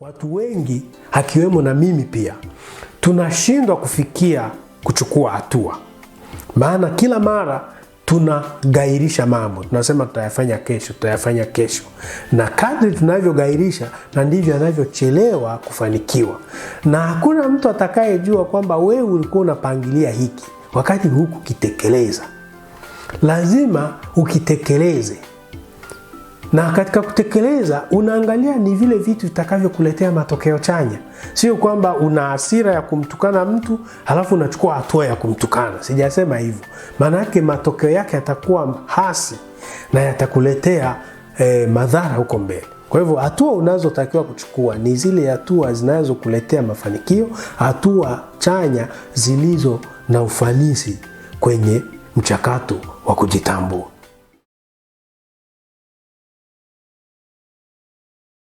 Watu wengi akiwemo na mimi pia tunashindwa kufikia kuchukua hatua, maana kila mara tunagairisha mambo, tunasema tutayafanya kesho, tutayafanya kesho, na kadri tunavyogairisha na ndivyo anavyochelewa kufanikiwa, na hakuna mtu atakayejua kwamba wewe ulikuwa unapangilia hiki wakati huku kitekeleza. Lazima ukitekeleze na katika kutekeleza unaangalia ni vile vitu vitakavyokuletea matokeo chanya, sio kwamba una hasira ya kumtukana mtu halafu unachukua hatua ya kumtukana. Sijasema hivyo, maanake matokeo yake yatakuwa hasi na yatakuletea eh, madhara huko mbele. Kwa hivyo hatua unazotakiwa kuchukua ni zile hatua zinazokuletea mafanikio, hatua chanya zilizo na ufanisi kwenye mchakato wa kujitambua.